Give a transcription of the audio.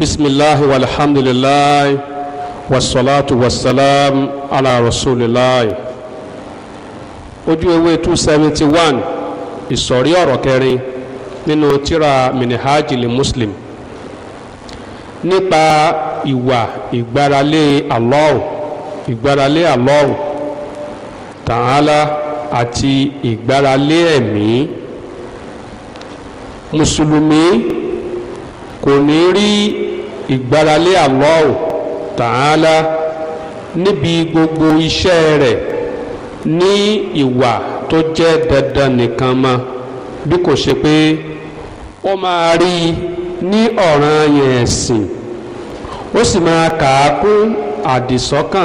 بسم الله والحمد لله والصلاة والسلام على رسول الله ojú ewé two seventy one ìsọ̀rí ọ̀rọ̀ kẹrin nínú tírà minihajili muslim nípa ìwà ìgbáralé Allah ìgbáralé Allah ta'ala àti ìgbáralé ẹ̀mí mùsùlùmí kò ní rí ìgbáralé Allahu Ta'ala níbi gbogbo iṣẹ́ rẹ̀ ní ìwà tó jẹ́ dandan nìkan mọ́ bí kò ṣe pé ó máa rí i ní ọ̀ranyàn ẹ̀sìn ó sì máa kà á kún àdìsọ́kàn